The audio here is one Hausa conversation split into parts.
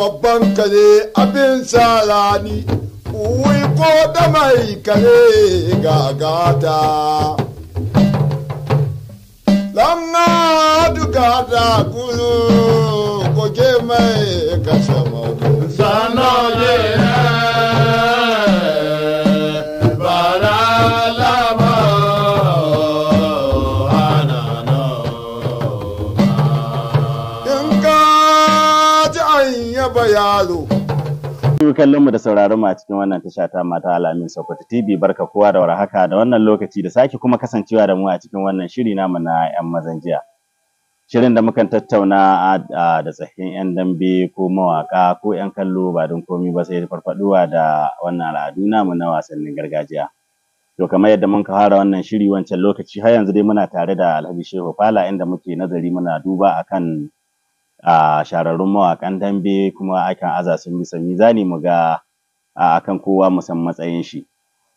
babban kare abin sa rani wai ko da mai kare gagata lamma duka da kuru ko ke masu kallon mu da sauraron mu a cikin wannan tasha ta mata alamin Sokoto TV barka kowa da warhaka da wannan lokaci da sake kuma kasancewa da mu a cikin wannan shiri namu na yan mazan jiya. Shirin da mukan tattauna da tsakin yan dambe ko mawaka ko yan kallo ba don komi ba sai farfaduwa da wannan al'adu namu na wasannin gargajiya. To kamar yadda mun ka fara wannan shiri wancan lokaci har yanzu dai muna tare da Alhaji Shehu Fala inda muke nazari muna duba akan a shararrun mawaƙan dambe kuma akan aza su bisa mizani mu ga akan kowa mu san matsayin shi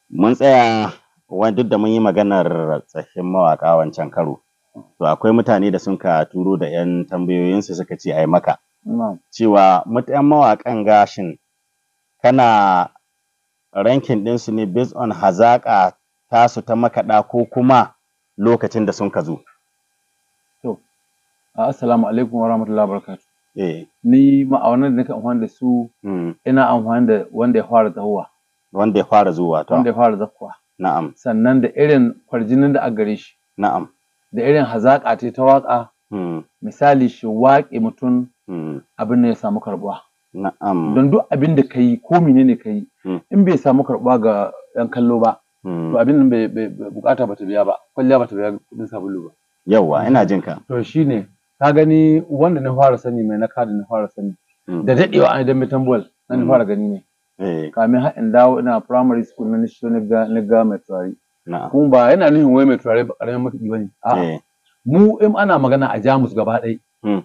mun tsaya wani duk da mun yi maganar tsaffin mawaƙa wancan karo to akwai mutane da sun ka turo da yan tambayoyinsu suka ce ai maka cewa mutan mawaƙan gashin kana rankin ɗinsu ne based on hazaƙa tasu ta makaɗa ko kuma lokacin da sun ka zo Assalamu alaikum wa rahmatullahi wa barakatu. Eh. Ni ma'aunar da nake amfani da su hmm. ina amfani da wanda ya fara zahuwa. Wanda ya fara zuwa ta. Wanda ya fara zakkuwa. Na'am. Sannan da irin kwarjinin da a gare shi. Na'am. Da irin hazaƙa ce ta waƙa. Hmm. Misali shi waƙe mutum hmm. abin da ya samu karɓuwa. Na'am. Don duk abin da ka yi ko menene ka yi in bai samu karɓuwa ga 'yan kallo ba. To abin nan bai bukata ba ta biya ba kwalliya ba ta biya kuɗin sabulu ba. Yawwa ina jin ka. To shine ka gani wanda na fara sani mai na kada na fara sani mm. da daɗewa an idan metan bol na na mm. fara gani ne eh. kamin har in dawo ina primary school na nisho na ga mai turare kuma ba yana nufin wai mai turare ba ƙaramin matuƙi ba ne eh. mu in ana magana a jamus gaba ɗaya mm.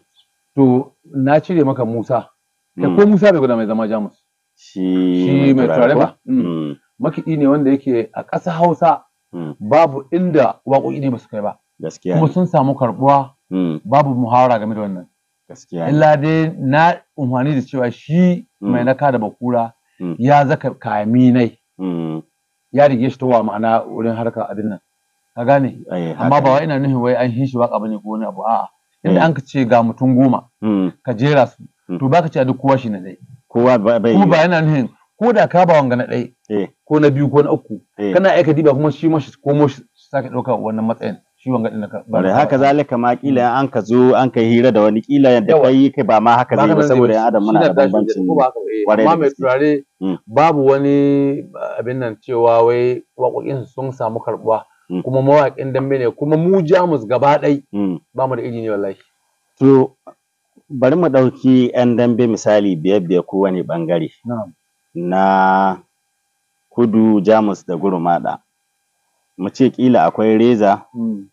to na cire maka musa da ko musa bai guda mai zama jamus shi mai turare ba makiɗi ne wanda yake a ƙasa hausa babu inda waƙoƙi ne ba su kai ba kuma sun samu karɓuwa Hmm. babu muhawara game da wannan gaskiya illa dai na umfani da cewa shi hmm. mai naka da bakura hmm. ya zaka kaminai ya rige shi towa ma'ana wurin harkar abin nan ka gane eh, amma ba wai ina nufin wai an hinshi waka bane ko wani abu a'a inda eh. an ka ce ga mutum goma ka jera su to baka ce a duk kowa shi na dai kowa bai kuma ba yana nufin ko da ka ba wanga na dai eh. ko na biyu ko na uku kana aika diba kuma shi mashi ko moshi sake ɗaukar wannan matsayin shi wanga din bare haka zalika ma kila hmm. an ka zo an ka hira da wani kila da kai kai ba ma haka zai ba saboda yan adam muna da bambancin eh, amma mai turare hmm. babu wani eh, abin nan cewa wai waƙoƙin sun samu karbuwa hmm. kuma mawaƙin dambe ne kuma mu jamus gaba ɗai ba mu da iri ne wallahi to bari mu ɗauki 'yan dambe misali biyar biyar kowane ɓangare na kudu jamus da gurmaɗa mu ce kila akwai reza hmm.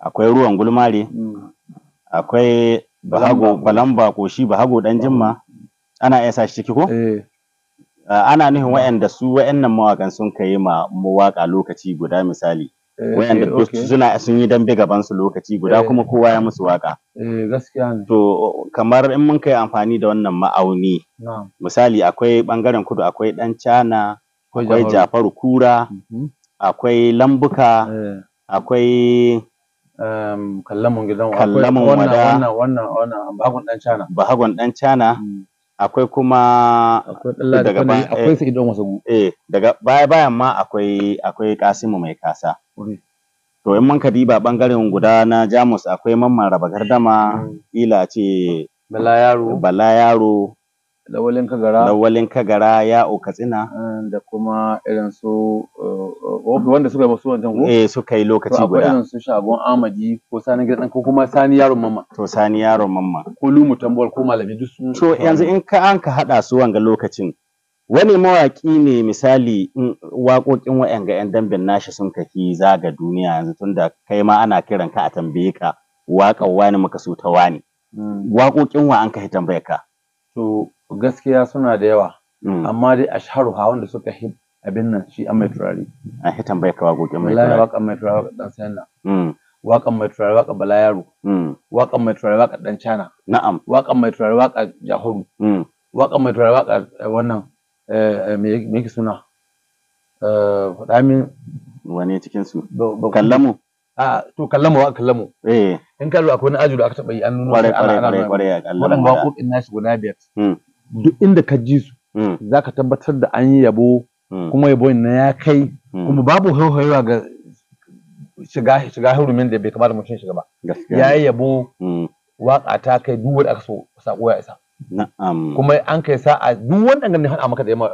akwai ruwan gulmare hmm. akwai balamba ko shi bahago dan jimma ana iya sa shi ciki ko eh. ana nufin waɗanda su nan mawakan sun kai ma mawaka lokaci guda misali eh, wayanda suna sun yi dambe gaban su lokaci guda eh. kuma kowa ya musu waka gaskiya ne to kamar in mun kai amfani da wannan ma'auni misali akwai bangaren kudu akwai dan cana akwai jafaru kura mhm. akwai lambuka eh. akwai kallamun gidan kallamun wada wannan wannan bahagon dan cana dan cana hmm. akwai kuma daga baya akwai eh. su wasu eh daga baya bayan ma akwai akwai Kasimu mai kasa to in man diba bangaren guda na Jamus akwai mamman raba gardama hmm. ila ce Bala yaro Bala yaro lawalin kagara lawalin kagara ya katsina eh, da kuma irin su eh, eh, wanda suka yi masu wancan ko eh suka yi lokaci guda irin su shagon amadi ko sani gidan ko kuma sani yaron mamma to sani yaron mamma ko lumu tambawal ko malami duk su to yanzu in ka an ka hada su wanga lokacin wani mawaki ne misali waƙoƙin ga 'yan dambin nashi sun kaki zaga duniya yanzu tunda kai ma ana kiran ka a tambaye ka waƙa wani muka so ta wani hmm. waƙoƙin wa an kai tambayar ka to gaskiya suna da yawa hmm. amma dai a sharu ha wanda suka hi abin nan shi an mai turare a hi tambayar ka waƙoƙin mai turare wakan mai turare waƙan dan sayan nan waƙan mai hmm. turare waƙan bala yaro hmm. waƙan mai turare waƙan dan cana na'am waƙan mai turare waƙan jahuru waƙan mai turare waƙan eh, wannan eh, me yake suna faɗa eh, min wani cikin su kallamu a to kallamu wa kallamu eh in kallu akwai wani ajuru aka taɓa yi an nuna kwarai kwarai kwarai kwarai kallamu ko waƙoƙin nashi guda biyar Hmm. duk inda ka ji su hmm. za ka tabbatar da an yi yabo hmm. kuma yabon na ya kai kuma babu hauhawa ga shiga shiga hurumin da bai kamata mutum shiga ba ya yi yabo waka ta kai duk wanda aka so sako ya isa kuma an kai sa'a duk wanda ganin hana maka da yamma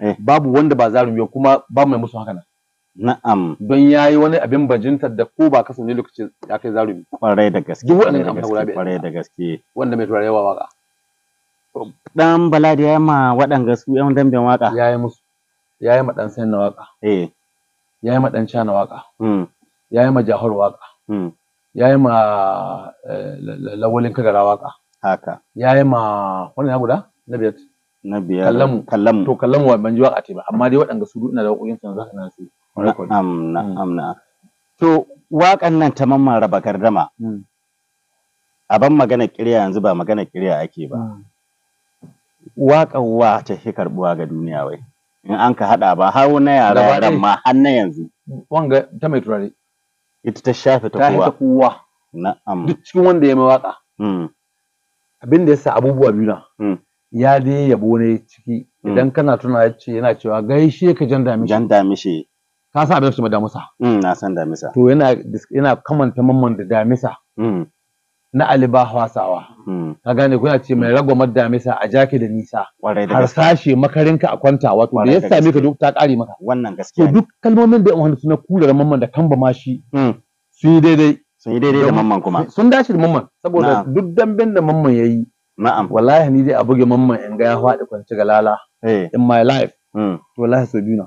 eh. babu wanda ba zarin biyu kuma ba mai musu haka nan na'am don ya yi wani abin bajinta da ko ba kasance lokacin ya kai zarumi kwarai da gaske duk wanda da gaske mai turare yawa waka Dan Bala da ya ma waɗanga su ƴan damben waƙa. Ya yi musu. Ya yi ma ɗan sayan na waƙa. Eh. Ya yi ma ɗan na waƙa. Hmm. Ya yi ma jahar waƙa. Hmm. Ya yi ma eh, lawalin kagara waƙa. Haka. Ya yi ma wani ya guda? Na biyar. Na biyar. Kallamu. Kallamu. To kallamu wa ban ji waƙa ce ba amma dai waɗanga su ina da waƙoƙin su zaka na su. Amna, amna. To wakan nan ta mamman raba gardama. Hmm. A ban magana ƙirya yanzu ba magana ƙirya ake ba. waƙan wa ta fi karɓuwa ga duniya wai in an ka haɗa ba har na yara yaran ma har na yanzu wanga ta mai turare ita ta shafe ta kowa ta kowa na'am duk cikin wanda ya mawaƙa. Hmm. abin da yasa abubuwa biyu na hmm. ya dai yabo ne ciki hmm. idan kana tuna ya ce yana cewa gaishe ka jan damishi jan damishi ka san abin su ma damisa na san damisa to yana yana kamanta mamman da damisa na Ali ba hawasawa. Hmm. Ka gane kuna ce mai hmm. ragwamar misa a jaki da nisa. Har sashe makarinka a kwanta wato da ya sami ka duk ta kare maka. Wannan gaskiya. duk kalmomin da yawan suna kula da mamman da kamba ma shi. Hmm. Sun yi daidai. Sun yi daidai da mamman kuma. Sun dace da mamman saboda duk dambin da mamman ya yi. Na'am. Wallahi ni dai a buge mamman in ga ya faɗi kwanci ga lala. Eh. In my life. To wallahi so biyu na.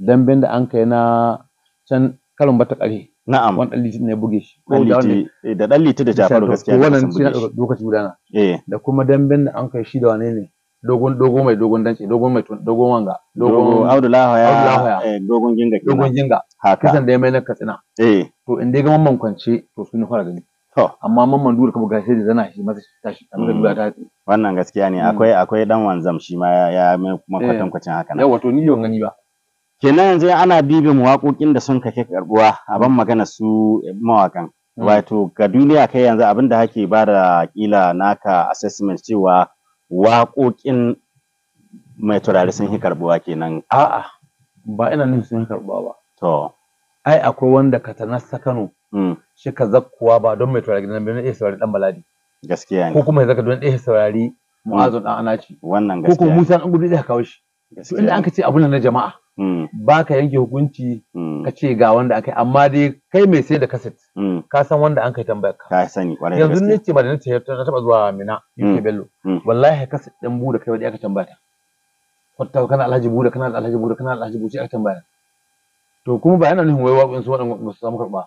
Dambin da an kai na can karin bata ƙare. na'am wani ɗan litin ne buge shi ko da wani eh, da ɗan litin da Jafaru gaskiya wannan suna ɗaukar lokaci gudana eh. da kuma damben da an kai shi da wane ne dogon dogo mai dogon danci dogon mai dogon wanga dogon Audu Lahaya eh, dogon jinga dogon jinga haka kisan da ya mai na katsina eh to in dai ga mamman kwance to sun fara gani To. amma mamman dura kuma gashi da zana shi masa tashi mm. a ga dura ta wannan gaskiya ne mm. akwai akwai dan wanzam shi ma ya mai kuma kwatankwacin haka yawa to ni ban gani ba kenan yanzu ana bibin waƙoƙin da sun kake karbuwa a ban magana su mawakan mm. wato ga duniya kai yanzu abin da hake ba da kila naka assessment cewa waƙoƙin mai turare sun yi karbuwa kenan a'a ba ina nufin sun yi karbuwa ba to ai akwai wanda ka ta tanar Kano mm. shi ka zakkuwa ba don mai turare gidan birnin ɗaya saurari ɗan baladi gaskiya ne ko kuma ya zaka don ɗaya saurari mm. mu'azu dan anaci wannan gaskiya ko kuma musa an gudu ɗaya kawo shi to inda an ka ce abu na jama'a Hmm. ba ka yanke hukunci hmm. ka ce ga wanda aka yi amma dai kai mai sai da kaset hmm. ka san wanda an kai tambayar ka ka sani kwarai yanzu ne ce ba da nace ta taba zuwa Mina UK Bello wallahi kaset din bude kai wadai aka tambaya ta kwatta kana Alhaji bude kana Alhaji bude kana Alhaji bude aka tambaya to kuma ba yana nufin wai waƙoƙin su waɗanda ba su samu karɓa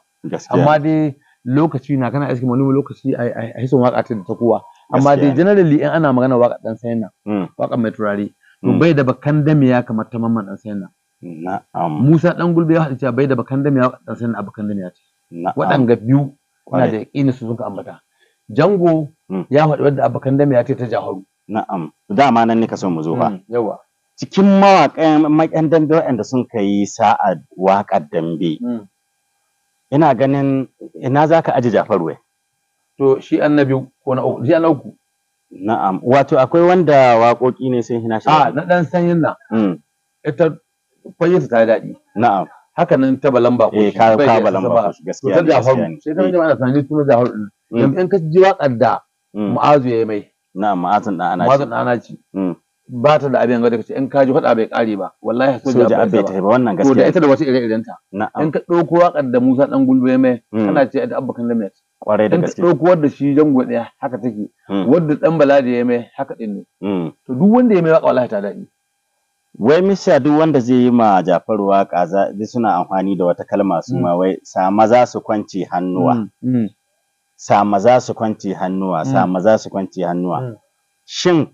amma dai lokaci na kana iske malumi lokaci a hisan waƙa ta da ta kowa amma dai generally in ana magana waƙa ɗan sayan nan waƙa mai turare to bai da bakan dame ya kamar ta mamman ɗan sayan nan Na'am. Musa ɗan gulbe ya haɗu cewa bai da bakan da miya ɗan sanin abakan da miya ce. Na'am. Waɗanga biyu na da yaƙini su suka ambata. Jango hmm. ya faɗi wadda abakan da miya ce ta Jahoru. Na'am. Dama nan ne ka son mu zo ba. Hmm, Yawa. Cikin mawaƙan maƙan dambe waɗanda sun kai sa'a waƙar dambe. Hmm. Ina ganin ina za ka aji Jafaru To shi annabi ko na uku, shi na uku. Na'am. Wato akwai wanda waƙoƙi ne sun hina shi. A ah, na ɗan sanyin nan. Ita kwalliyarsa ta yi daɗi na'am haka nan ta balan ba eh ka ka balan ba gaskiya ta jafaru sai ta jama'a sanin sunan jafaru mm. dan in ka ji waƙar da mm. mu'azu ya yi mai na'am mu'azun dan anaci mu'azun dan anaci mm. ba ta da abin gada kace in ka ji faɗa bai ƙare ba wallahi soja bai ta ba wannan gaskiya to da ita da wata ire-iren ta in ka ɗauko waƙar da Musa dan gulbe mai Ana ce da abbakan lamet kwarai da gaske in ka ɗauko wadda shi jango ɗaya haka take wadda ɗan bala da ya mai haka din ne to duk wanda ya mai waƙa wallahi ta daɗi Wai Misa duk wanda zai yi ma Jafaru waƙa za suna amfani da wata kalma su ma mm. wai sa maza su kwanci hannuwa. Mm, mm. Sa maza su kwanci hannuwa, sa maza su kwanci hannuwa. Shin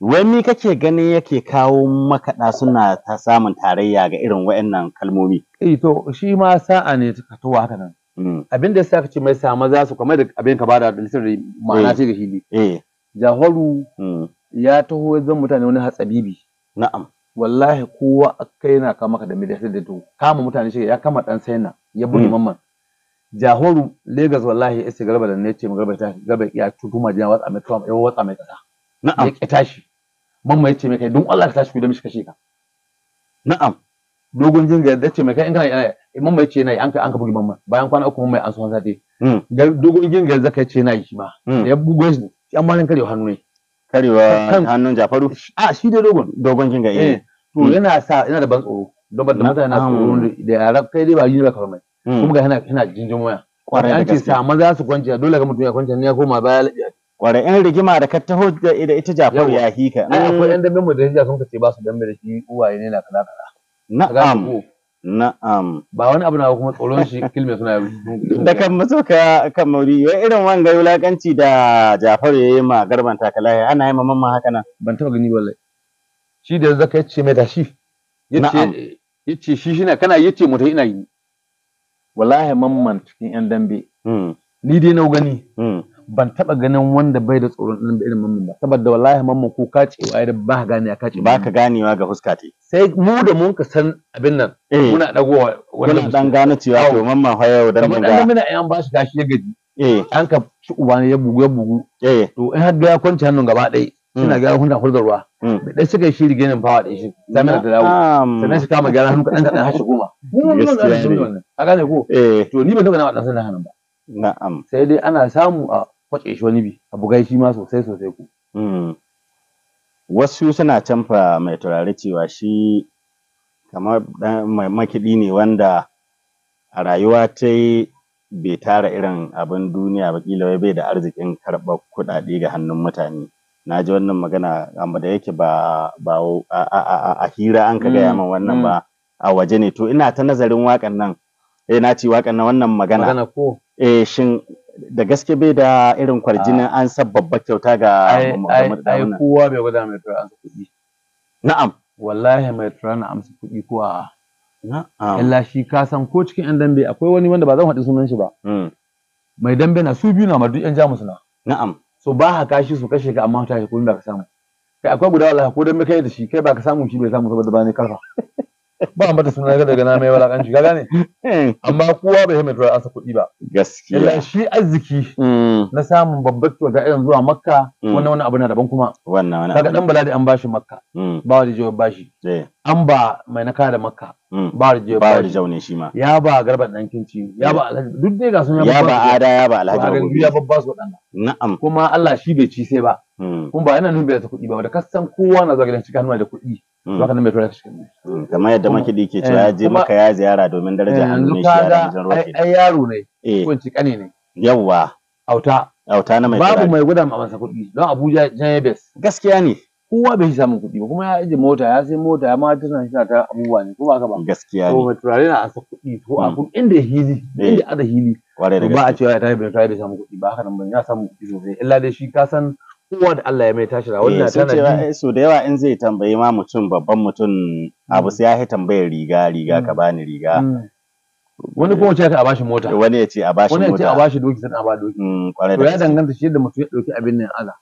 wani kake ganin yake kawo makaɗa suna ta samun tarayya ga irin waɗannan kalmomi? Eh to shi ma sa'a ne ta fitowa haka nan. Abin da ya sa ce mai sa maza su kamar da abin ka bada da da ma'ana eh. ce ga shi ne. Eh. Jafaru ya taho zan mutane wani hatsabibi. Na'am. wallahi kowa kai na kama ka da media da to kama mutane shi ya kama dan saina ya bugi hmm. mamman jahoru Legas wallahi ya garba da ne ce garba ta garba ya ma jina watsa mai Trump ya watsa mai kasa na'am ya tashi mamma ya ce mai kai don Allah ka tashi ku da mishi kashe ka na'am dogon jinga da ce mai kai in kana yana mamma ya ce nayi an ka an ka bugi mamman bayan kwana uku mamma an so sati hmm. dogon jinga da kai ce nayi shi ma hmm. ya bugo shi an ma ran kare hannu ne karewa hannun jafaru a shi dai dogon dogon jinga ga eh. eh, to hmm. yana sa yana da ban tsoro don ba da mutane na tsoro um. da yaran kai dai ba yi ba kamar hmm. kuma ga yana yana jinjin waya kwarai an ce sa maza su kwanciya dole ga mutum ya kwanciya ne ya koma baya lafiya kwarai yan rigima da ka taho da ita jafaru ya hika akwai hmm. yan dambe mu da hija sun kace ba su dambe da shi uwaye ne na kala kala na'am Na'am. Ba wani abu na kuma tsoron shi kilme suna yi. Da kan maso ka kan mauri ya eh, irin wanga wulakanci da Jafaru ya yi ma garban takalaya ana yi ma mamma haka nan. Ban taɓa gani wallahi. Shi da zaka ya ce mai da shi. Yace yace shi na kana yace mutu ina yi. Wallahi mamman cikin yan dambe. Hmm. Ni dai na gani. Hmm. ban taba ganin wanda bai da tsoron ɗan da irin mamman ba saboda wallahi mamman ko ka ce wai da ba ka gane ka ce ba ka ganewa ga fuska te sai mu da mun ka san abin nan eh. muna dagowa wannan dan gane cewa to mamman fa yau dan mun ga kamar muna an ba shi gashi ya gaji eh an ka shi uba ne ya bugu ya bugu eh to in har ga ya kwance hannun gaba ɗaya hmm. suna gyara hunta hulɗar ruwa hmm. mai ɗan suka shi riginin fawa ɗin shi zamina da dawo sannan shi kama gyara hannu kaɗan kaɗan hashe goma a gane ko eh. to ni ban taɓa na waɗansu na hannun ba na'am sai dai ana samu a kwace shi wani bi abu gai shi ma sosai sosai ku hmm. wasu suna canfa mai turare cewa shi kamar mai makiɗi ne wanda a rayuwa ta bai tara irin abin duniya ba kila wai bai da arzikin karɓar kuɗaɗe ga hannun mutane na ji wannan magana amma da yake ba ba a hira an ka hmm, gaya min wannan hmm. ba a waje ne to ina ta nazarin waƙan nan eh na ce waƙan nan wannan magana magana ko eh shin da gaske bai da irin kwarjinin ah. an san kyauta ga ai kowa bai gwada mai tura amsa kuɗi na'am wallahi mai tura na amsa kuɗi ko a. na'am illa shi ka san ko cikin yan dambe akwai wani wanda ba zan faɗi sunan shi ba hmm. mai dambe na su biyu na madu yan jamus na na'am so ba ha kashi su kashe ka amma ta shi kuɗin da ka samu kai akwai guda wallahi ko dambe kai da shi kai ba ka samu shi bai samu saboda ba ne karfa ba mata suna daga na mai walakanci ka gane hmm. amma kowa bai mai tura asa kuɗi ba gaskiya illa shi arziki hmm. na samun babbar tuwa ga irin zuwa makka hmm. wannan wani abu na daban kuma wannan wani kaga dan bala da an bashi makka ba wa jiwa bashi eh. an ba mai naka da makka ba wa jiwa ba wani jaune shi ma ya ba garban dan kinci ya ba eh. alhaji duk dai ga sun ya ba ada ya ba alhaji ya babba su na'am kuma Allah shi bai ci sai ba Hmm. kuma ba yana nuna bai da kuɗi ba da kasan kowa na zuwa gidan cikin hannu da kuɗi to hmm. haka nan bai tura cikin hannu hmm, kamar yadda makidi ke eh, cewa ya je maka ya ziyara domin darajar eh, hannun shi ya da ai yaro ne eh. ko ci kane ne yawwa auta auta na mai babu mai gudan amsa masa kuɗi don Abuja yabes gaskiya ne kowa bai samu kuɗi ba kuma ya je mota ya sai mota ya ma tana shi ta abubuwa ne ko ba ka ba gaskiya ne to turare na asa kuɗi ko a kun inda hili inda ada hili ba a cewa ya tafi bai tafi bai samu kuɗi ba haka nan ba ya samu kuɗi sosai illa dai shi ka san Kuwa da Allah ya mai tashi da wannan eh, tana su da yawa in zai tambayi ma mutum babban mutum mm. abu sai ya yi tambayar riga riga mm. ka bani riga mm. wani kuma ce a bashi mota wani ya ce a bashi mota wani ya ce a bashi doki sai a ba doki to ya danganta shi da mutum ya dauki abin nan Allah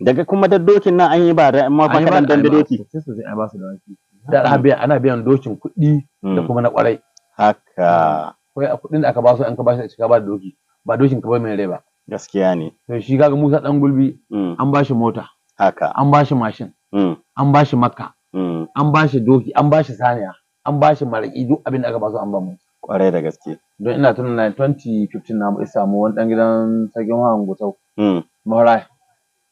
daga kuma da dokin nan an yi ba da amma fa dan da doki sai su zai a su da doki da ana biyan ana biyan dokin kuɗi da kuma na kwarai haka kai a kuɗin da aka ba su an ka ba shi a cika ba da doki ba dokin ka ba mai rai ba gaskiya ne to shi kaga Musa dan gulbi mm. an bashi mota haka an bashi mashin mm. an bashi makka mm. an bashi doki an bashi saniya an bashi maraki duk abin da aka ba su an ba mu kwarai da gaske don ina tuna na 2015 na mu samu wani dan gidan sarkin wahan gutau mahara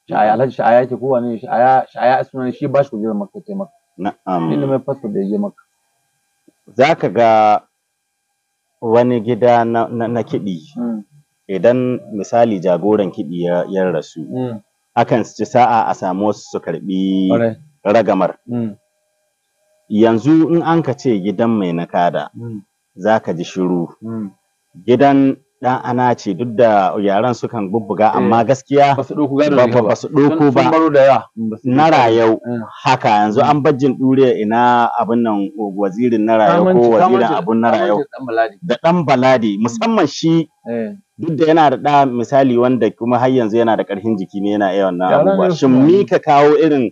sha'aya alhaji sha'aya yake kowa ne sha'aya sha'aya sunan shi bashi kujerar makka ce maka na'am inda mai fasfa da ya je maka ka ga wani gida na kiɗi idan misali jagoran kiɗi ya, rasu mm. akan ci sa'a a samu wasu su karɓi ragamar mm. yanzu in an ka ce gidan mai nakada mm. za ka ji shiru gidan dan ana ce duk da yaran sukan gubbuga eh, amma gaskiya ba su ɗoko ba na rayau eh. haka yanzu an bajin ɗure ina abin nan wazirin na rayau ko wazirin abin na rayau da ɗan baladi mm. musamman shi eh. duk da yana da ɗa misali wanda kuma har yanzu yana da ƙarfin jiki ne yana yawan na abubuwa shin mika ka kawo irin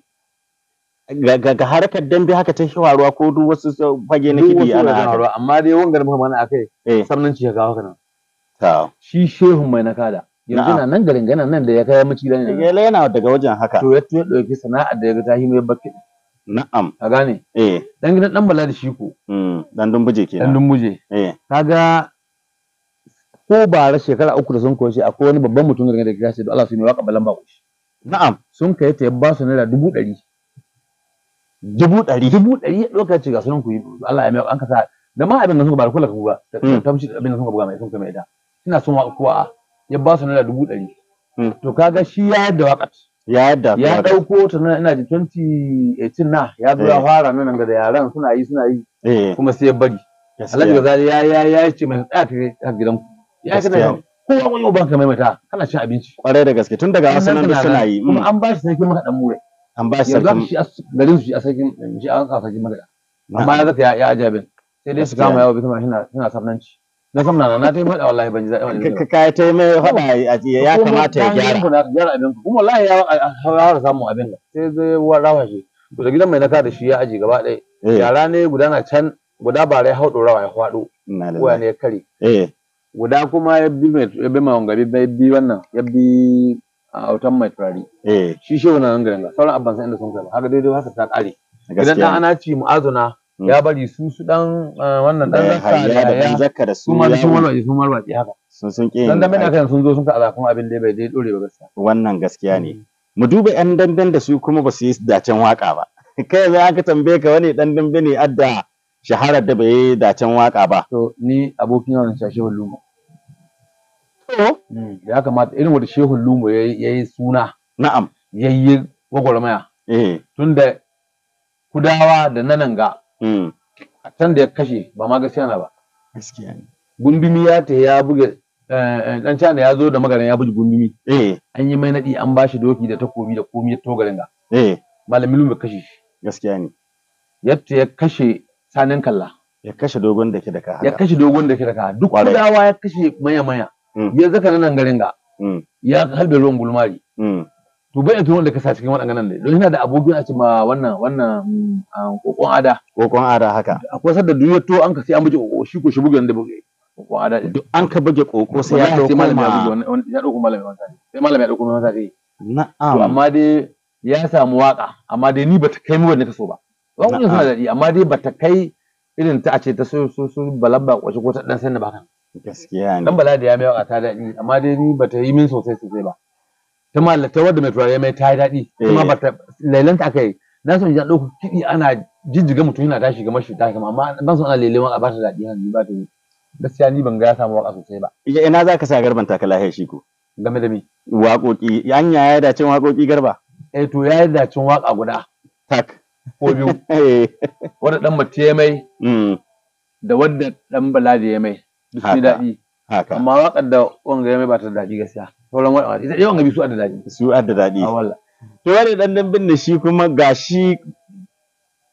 ga harkar dambe haka ta shawarwa ko duk wasu fage na kiɗi ana amma dai wangar muka mana akai samnanci ya kawo haka nan shi shehun mai na kada yanzu na nan garin gana nan da ya kai maci da ne yana daga wajen haka to ya tuya dauki sana'a da ya ga tahi mai bakin na'am ka gane eh dan gidan dan bala da shi ko mm, dan dumbuje kenan dan dumbuje eh kaga ko bara shekara uku da sun koyi akwai wani babban mutum garin da ya ce da Allah su ne waka balan ba na'am sun kai ta ba su naira dubu ɗari dubu ɗari dubu ɗari ya ɗauka ce ga sunan ku yi Allah ya mai an kasa da ma abin da ka ba da kula ka buga da hmm. tamshi abin da suka buga mai sun kai mai da ina son ma kuwa ya ba su naira dubu ɗari hmm. to kaga shi ya yadda waƙar ya yadda ya ɗauko ta nan ina ji 2018 na ya zo ya eh. fara nan ga da yaran suna yi suna yi eh. kuma sai ya bari Alhaji Gazali ya ya ya ce mai tsaya ta gidan ku ya kana ko wani uban ka maimaita kana cin abinci kwarai da gaske tun daga wasu nan da suna yi kuma hmm. an ba shi sarkin ɗan mure an ba shi sarkin garin su shi a sarkin shi an sa sarkin maka. amma ya zaka ya ajabin sai dai su kama yawo bisa shi suna sabnanci na kam na na ta yi faɗa wallahi ban ji daɗin wani ka kai ta yi mai faɗa ya kamata ya gyara kuma ta gyara abin kuma wallahi ya hawara samun abin da sai zai rawa shi to da gidan mai naka da shi ya aji gaba ɗaya yara ne guda na can guda ba rai hau rawa ya faɗo waya ne ya kare guda kuma ya bi mai ya bi mai gari ya bi wannan ya bi a autan mai turari shi shi gari-gari. sauran abban san inda sun kai haka daidai haka ta ƙare idan ɗan ana ci mu'azuna Mm. ya bari su su dan ah, wannan dan eh, zakka da da su ma sun walwaje sun walwaje haka sun sun kiyin dan dambe kan sun zo sun ka azafin abin da bai dai dore ba gaskiya wannan gaskiya ne mm. mu duba yan dandan da su kuma ba su yi dacen waka ba kai za aka tambaye ka wani dan dambe ne adda shaharar da bai yi dacen waka ba to ni abokin yawan shashi lumo to mm, ya kamata irin wanda shehun lumo yayi suna na'am yayi gwagwarmaya eh tunda kudawa da nananga a hmm. can da ya kashe ba ma gaskiya na ba gaskiya ne gundumi ya ta ya buge eh, eh, dan cana ya zo da magaran ya buge gundumi eh. an yi mai naɗi an bashi doki da takobi da komi ya togarin ga malamin lumbe kashe shi gaskiya ne yadda ya kashe sanin kalla ya kashe dogon da ke da ka ya kashe dogon da ke da ka duk kudawa ya kashe maya maya hmm. ya zaka nan garin ga hmm. ya halbe ruwan gulmari to bai yanzu wanda ka sa cikin waɗannan ne don yana da abokin a cikin wannan wannan ah, kokon ada kokon ada haka akwai sadda duniya to an ka sai an buge kokon shi ko shi bugan da buge kokon ada duk an ka buge koko sai ya dauko malami ya buge ya dauko malami wannan sai malami ya dauko wannan sai na'am to amma dai ya samu waka amma dai ni ba ta kai mu wanda ka so ba wannan mun suna da amma dai ta kai irin ta a ce ta so so balabba kwashi ko ta dan sanna ba kan gaskiya ne dan bala da ya mai waka ta daɗi amma dai ni ba ta yi min sosai sosai ba ta mallata wadda mai turare mai ta yi daɗi kuma eh. ba ta lailanta aka yi na san jan ɗauku kiɗi ana jijjiga mutum yana tashi ga mashi tashi amma ban san ana lelewa a ba ta daɗi hannu ba ta yi gaskiya ni ban ga ya samu waka sosai ba ina za ka sa garban ta kala shi ko game da mi waƙoƙi yanya ya dace waƙoƙi garba eh to ya dace waƙa guda tak ko biyu eh. wadda ɗan mace ya mai mm. da wadda ɗan bala da ya mai duk sai daɗi amma waƙar da wanga ya mai ba ta daɗi gaskiya sauran waƙa ita yawan gabi su adda daɗi su adda daɗi a ah, walla to wani dan dambin da shi kuma ga shi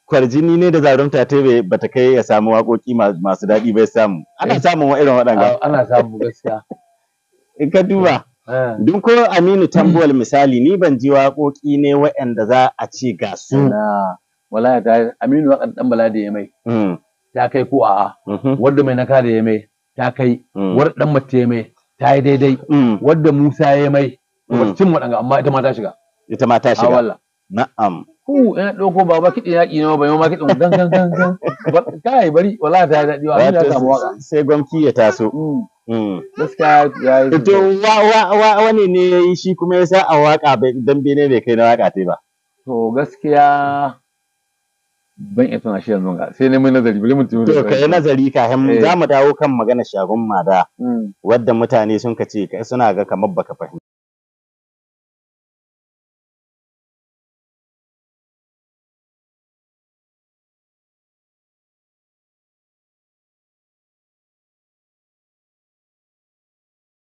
kwarjini ne da zarumta ta bai bata kai ya samu waƙoƙi masu daɗi bai samu ana eh. samun irin waɗanga ah, ana samu gaskiya in ka duba eh. duk ko Aminu Tambuwal misali ni ban ji waƙoƙi ne waɗanda za a ce ga su. Hmm. Wala ta Aminu waƙar ɗan Bala da ya mai. Hmm. Ta kai ko a'a. Mm-hmm. Wadda mai naka da ya mai. ta kai mm. war dan mace mai ta yi daidai mm. wadda Musa ya mai mm. cin waɗanga amma ita ma ta shiga ita ma ta ah, shiga walla na'am ku ina ɗauko baba kiɗin yaƙi na bai ma kiɗin gan gan gan gan kai bari wala ta daɗi wa ta samu waka sai gwamki ya taso gaskiya ya yi to wani ne shi kuma ya sa a waka dan bene bai kai na waka tai ba to gaskiya ban iya tuna shi yanzu ga sai ne mai nazari bari mun to kai nazari kafin eh. za mu dawo kan magana shagon mada hmm. wadda mutane sun ka ce suna ga kamar baka fahimta